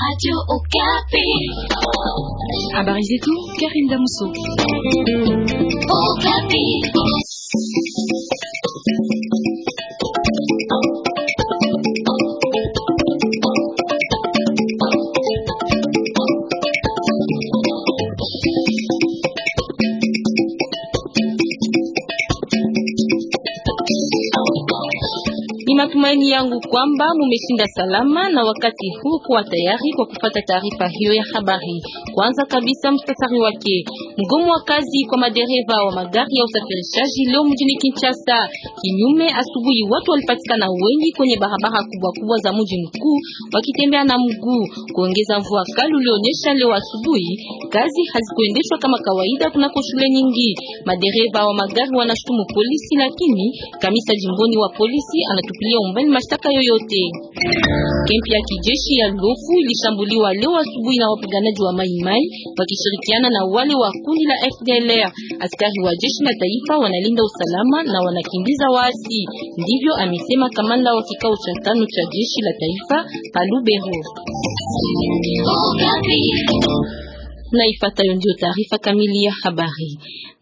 Radio Okapi. Abarizé tout, Karine damoussou Au Okapi. matumaini yangu kwamba mumeshinda salama na wakati huu kuwa tayari kwa kupata taarifa hiyo ya habari. Kwanza kabisa, mstasari wake mgomo wa kazi kwa madereva wa magari ya usafirishaji leo mjini Kinshasa. Kinyume, asubuhi watu walipatikana wengi kwenye barabara kubwa kubwa za mji mkuu wakitembea na mguu. Kuongeza mvua kali ulionyesha leo asubuhi, kazi hazikuendeshwa kama kawaida kunako shule nyingi. Madereva wa magari wanashutumu polisi, lakini kamisa jimboni wa polisi anatupilia kufungulia umbali mashtaka yoyote. Kempi ya kijeshi ya Lufu ilishambuliwa leo asubuhi na wapiganaji wa Maimai wakishirikiana na wale wa kundi la FDLR. Askari wa jeshi la taifa wanalinda usalama na wanakimbiza waasi, ndivyo amesema kamanda wa kikao cha tano cha jeshi la taifa Palubero na ifuatayo ndio taarifa kamili ya habari.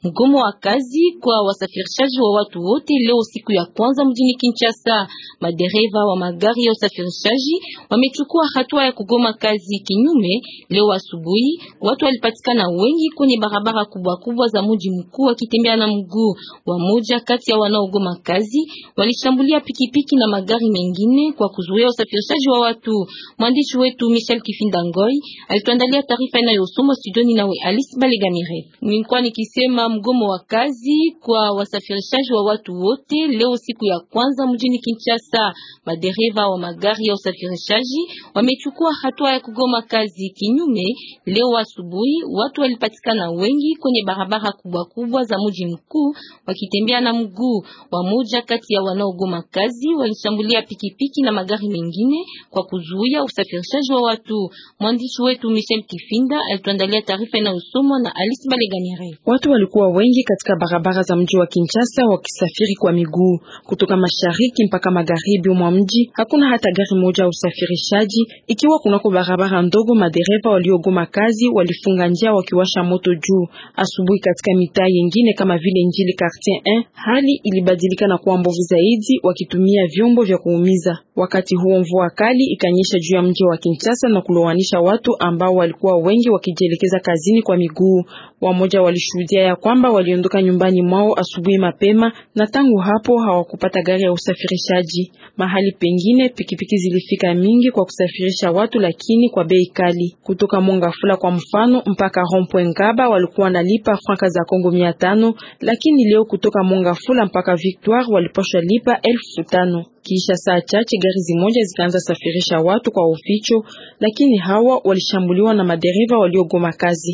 Mgomo wa kazi kwa wasafirishaji wa watu wote leo siku ya kwanza mjini Kinshasa. Madereva wa magari ya usafirishaji wamechukua hatua ya kugoma kazi kinyume. Leo asubuhi watu walipatikana wengi kwenye barabara kubwa kubwa za mji mkuu wakitembea na mguu. Wamoja kati ya wanaogoma kazi walishambulia pikipiki na magari mengine kwa kuzuia usafirishaji wa watu. Mwandishi wetu Michel Kifindangoi alituandalia taarifa inayosomwa studioni na Alice Balegamire. Nilikuwa nikisema mgomo wa kazi kwa wasafirishaji wa watu wote leo siku ya kwanza mjini Kinshasa. Madereva wa magari ya usafirishaji wamechukua hatua ya kugoma kazi kinyume. Leo asubuhi watu walipatikana wengi kwenye barabara kubwa kubwa za mji mkuu wakitembea na mguu. Wamoja kati ya wanaogoma kazi walishambulia pikipiki na magari mengine kwa kuzuia usafirishaji wa watu. Mwandishi wetu Michel Kifinda alituandalia Tunaangalia taarifa inayosomwa na Alice Baleganyere. Watu walikuwa wengi katika barabara za mji wa Kinshasa wakisafiri kwa miguu kutoka mashariki mpaka magharibi mwa mji. Hakuna hata gari moja ya usafirishaji, ikiwa kunako barabara ndogo. Madereva waliogoma kazi walifunga njia wakiwasha moto juu. Asubuhi katika mitaa yengine kama vile Njili Quartier 1, hali ilibadilika na kuwa mbovu zaidi, wakitumia vyombo vya kuumiza. Wakati huo mvua kali ikanyesha juu ya mji wa Kinshasa na kulowanisha watu ambao walikuwa wengi wakijeli kujielekeza kazini kwa miguu. Wamoja walishuhudia ya kwamba waliondoka nyumbani mwao asubuhi mapema na tangu hapo hawakupata gari ya usafirishaji. Mahali pengine pikipiki zilifika mingi kwa kusafirisha watu, lakini kwa bei kali. Kutoka Mongafula kwa mfano mpaka Rompwe Ngaba walikuwa wanalipa franka za Kongo mia tano, lakini leo kutoka Mongafula mpaka Victoire walipashwa lipa elfu tano. Kisha saa chache gari zimoja zikaanza safirisha watu kwa uficho, lakini hawa walishambuliwa na madereva waliogoma kazi.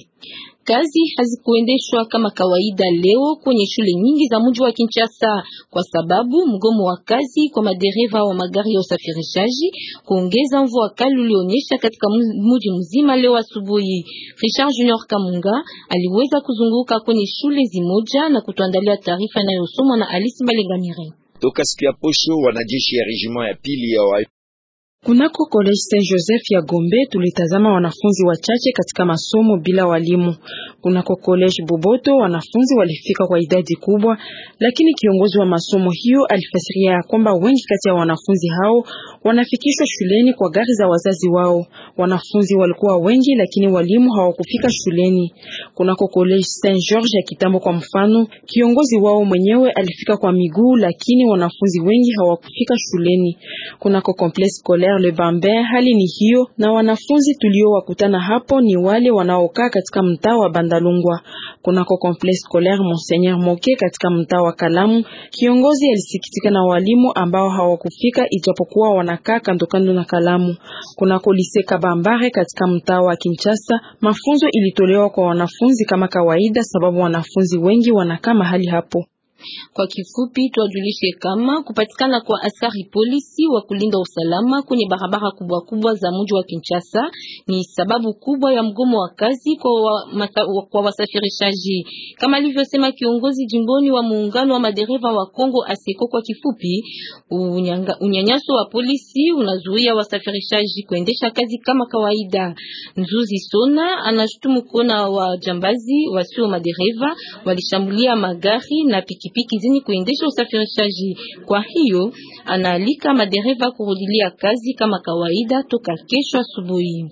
Kazi hazikuendeshwa kama kawaida leo kwenye shule nyingi za mji wa Kinshasa kwa sababu mgomo wa kazi kwa madereva wa magari ya usafirishaji kuongeza mvua kali ulionyesha katika mji mzima leo asubuhi. Richard Junior Kamunga aliweza kuzunguka kwenye shule zimoja na kutuandalia taarifa inayosomwa na Alice Malengamire. Toka siku ya posho wanajeshi ya regiment ya pili ya wa kunako College Saint Joseph ya Gombe tulitazama wanafunzi wachache katika masomo bila walimu. Kunako College Boboto wanafunzi walifika kwa idadi kubwa, lakini kiongozi wa masomo hiyo alifasiria kwamba wengi kati ya wanafunzi hao wanafikishwa shuleni kwa gari za wazazi wao. Wanafunzi walikuwa wengi, lakini walimu hawakufika shuleni. Kunako College Saint George ya kitambo, kwa mfano, kiongozi wao mwenyewe alifika kwa miguu, lakini wanafunzi wengi hawakufika shuleni. Kunako Complexe Scolaire Le Bambin hali ni hiyo, na wanafunzi tuliowakutana hapo ni wale wanaokaa katika mtaa wa Bandalungwa. Kunako complexe scolaire Monseigneur Moke katika mtaa wa Kalamu, kiongozi alisikitika na walimu ambao hawakufika ijapokuwa wanakaa kando kando na Kalamu. Kunako lise Kabambare katika mtaa wa Kinshasa, mafunzo ilitolewa kwa wanafunzi kama kawaida, sababu wanafunzi wengi wanakaa mahali hapo. Kwa kifupi tuwajulishe kama kupatikana kwa askari polisi wa kulinda usalama kwenye barabara kubwa kubwa za mji wa Kinshasa ni sababu kubwa ya mgomo wa kazi kwa, wa, mata, wa, kwa wasafirishaji. Kama alivyosema kiongozi jimboni wa muungano wa madereva wa Kongo ASECO, kwa kifupi, unyanyaso wa polisi unazuia wasafirishaji kuendesha kazi kama kawaida. Nzuzi Sona anashutumu kuona wajambazi wasio madereva walishambulia magari na pikipiki pikipiki zenye kuendesha usafirishaji. Kwa hiyo anaalika madereva kurudilia kazi kama kawaida toka kesho asubuhi.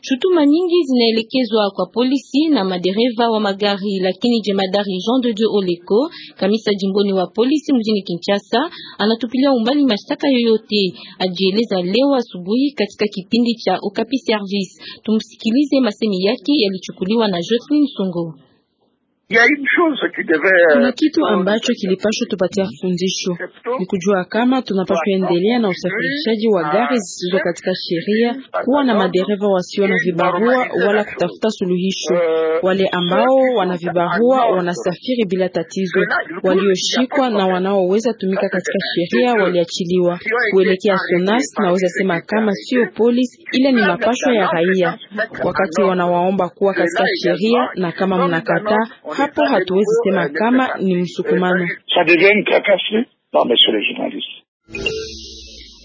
Shutuma nyingi zinaelekezwa kwa polisi na madereva wa magari, lakini jemadari Jean de Dieu Oleko, kamisa jimboni wa polisi mjini Kinshasa, anatupilia umbali mashtaka yoyote. Ajieleza leo asubuhi katika kipindi cha Okapi Service. Tumsikilize, masemi yake yalichukuliwa na Jocelyn Sungo. Kuna euh, kitu euh, ambacho kilipashwa tupatia fundisho ni kujua kama tunapashwa endelea na usafirishaji wa gari zisizo katika sheria, kuwa na madereva wasio na vibarua wala kutafuta suluhisho. Wale ambao wana vibarua wanasafiri bila tatizo, walioshikwa na wanaoweza tumika katika sheria waliachiliwa. Kuelekea SONAS, naweza sema kama sio polisi, ile ni mapashwa ya raia, wakati wanawaomba kuwa katika sheria, na kama mnakataa hapo hatuwezi sema kama ni msukumano.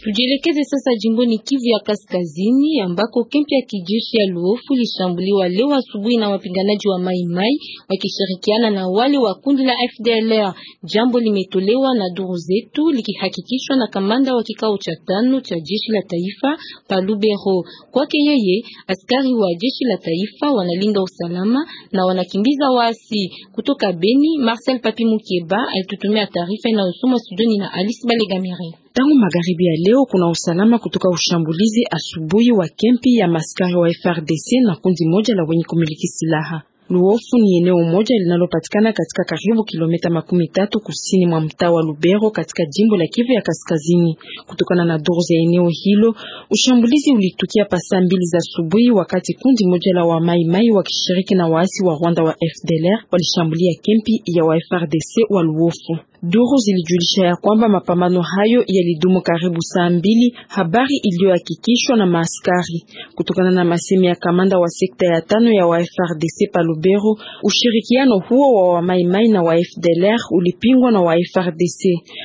Tujielekeze sasa jimboni Kivu ya Kaskazini ambako kempi ya kijeshi ya Luofu lishambuliwa leo asubuhi na wapiganaji wa Mai Mai wakishirikiana na wale wa kundi la FDLR. Jambo limetolewa na duru zetu likihakikishwa na kamanda wa kikao cha tano cha jeshi la taifa Palubero. Kwake yeye, askari wa jeshi la taifa wanalinda usalama na wanakimbiza waasi. Kutoka Beni, Marcel Papi Mukeba alitutumia taarifa inayosomwa studioni na Alice Balegamire. Tangu magharibi ya leo kuna usalama kutoka ushambulizi asubuhi wa kempi ya maskari wa FRDC na kundi moja la wenye kumiliki silaha. Luofu ni eneo moja linalopatikana katika karibu kilomita makumi tatu kusini mwa mtaa wa Lubero katika jimbo la Kivu ya Kaskazini. Kutokana na duru za eneo hilo, ushambulizi ulitukia pasaa mbili za asubuhi, wakati kundi moja la wamaimai wakishiriki na waasi wa Rwanda wa FDLR walishambulia kempi ya wa FRDC wa Luofu. Duru zilijulisha ya kwamba mapambano hayo yalidumu karibu saa mbili, habari iliyohakikishwa na maaskari. Kutokana na masemi ya kamanda wa sekta ya tano ya wa FRDC pa Lubero, ushirikiano huo wa wamaimai na wa FDLR ulipingwa na wa FRDC.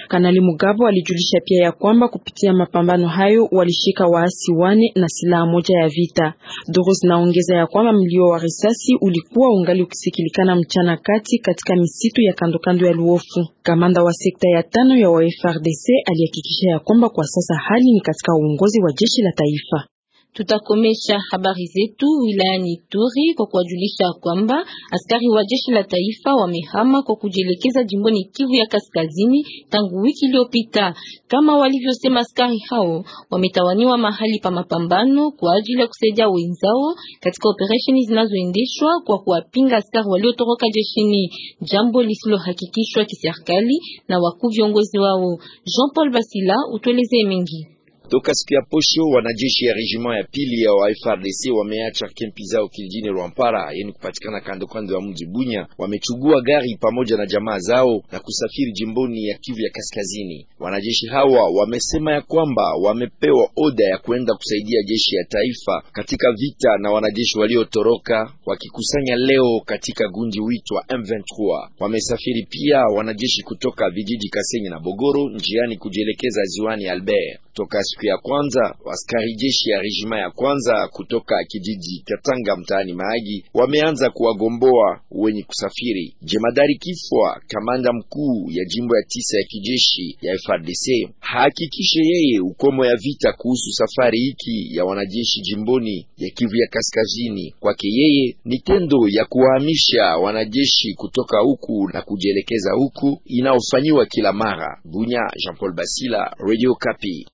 Kanali Mugabo alijulisha pia ya kwamba kupitia mapambano hayo walishika waasi wane na silaha moja ya vita. Duru zinaongeza ya kwamba mlio wa risasi ulikuwa ungali ukisikilikana mchana kati katika misitu ya kandokando ya Luofu. Kama Kamanda wa sekta ya tano ya wa FRDC alihakikisha ya kwamba kwa sasa hali ni katika uongozi wa jeshi la taifa. Tutakomesha habari zetu wilayani Ituri kwa kuwajulisha kwamba askari wa jeshi la taifa wamehama kwa kujielekeza jimboni Kivu ya Kaskazini tangu wiki iliyopita. Kama walivyosema askari hao, wametawaniwa mahali pa mapambano kwa ajili ya kusaidia wenzao katika operesheni zinazoendeshwa kwa kuwapinga askari waliotoroka jeshini, jambo lisilohakikishwa kiserikali na wakuu viongozi wao. Jean Paul Basila, utueleze mengi Toka siku ya posho wanajeshi ya rejima ya pili ya wa FRDC wameacha kempi zao kijijini Rwampara, yani kupatikana kando kando ya mji Bunya. Wamechugua gari pamoja na jamaa zao na kusafiri jimboni ya Kivu ya Kaskazini. Wanajeshi hawa wamesema ya kwamba wamepewa oda ya kuenda kusaidia jeshi ya taifa katika vita na wanajeshi waliotoroka wakikusanya leo katika gundi huitwa M23. Wamesafiri pia wanajeshi kutoka vijiji Kasenyi na Bogoro njiani kujielekeza ziwani Albert. Toka siku ya kwanza askari jeshi ya rejima ya kwanza kutoka kijiji Katanga mtaani maagi wameanza kuwagomboa wenye kusafiri. Jemadari Kifwa, kamanda mkuu ya jimbo ya tisa ya kijeshi ya frdc hakikishe yeye ukomo ya vita kuhusu safari hiki ya wanajeshi jimboni ya Kivu ya Kaskazini. Kwake yeye ni tendo ya kuwahamisha wanajeshi kutoka huku na kujielekeza huku inaofanyiwa kila mara. Bunya, Jean Paul Basila, Radio Kapi.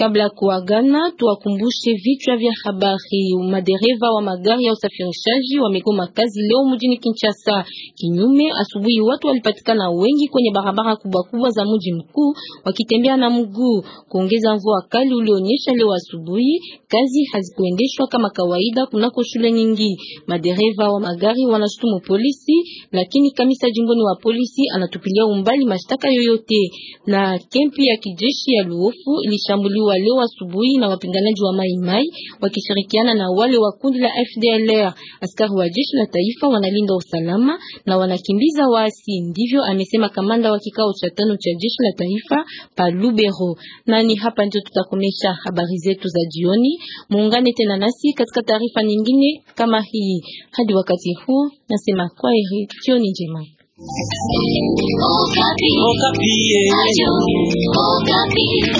Kabla kuagana, tuwakumbushe vichwa vya habari. Madereva wa magari ya usafirishaji wamegoma kazi leo mjini Kinshasa. Kinyume, asubuhi watu walipatikana wengi kwenye barabara kubwa kubwa za mji mkuu wakitembea na mguu. Kuongeza mvua kali ulionyesha leo asubuhi, kazi hazikuendeshwa kama kawaida kunako shule nyingi. Madereva wa magari wanashutumu polisi, lakini kamisa jimboni wa polisi anatupilia umbali mashtaka yoyote. Na kempi ya kijeshi ya Luofu ilishambuliwa waliuliwa leo asubuhi na wapiganaji wa Mai Mai wakishirikiana na wale wa kundi la FDLR. Askari wa jeshi la taifa wanalinda usalama na wanakimbiza waasi, ndivyo amesema kamanda wa kikao cha tano cha jeshi la taifa pa Lubero. Nani hapa ndio tutakomesha habari zetu za jioni. Muungane tena nasi katika taarifa nyingine kama hii. Hadi wakati huu nasema kwa kwaheri, jioni njema. Okapi. Okapi. Eh.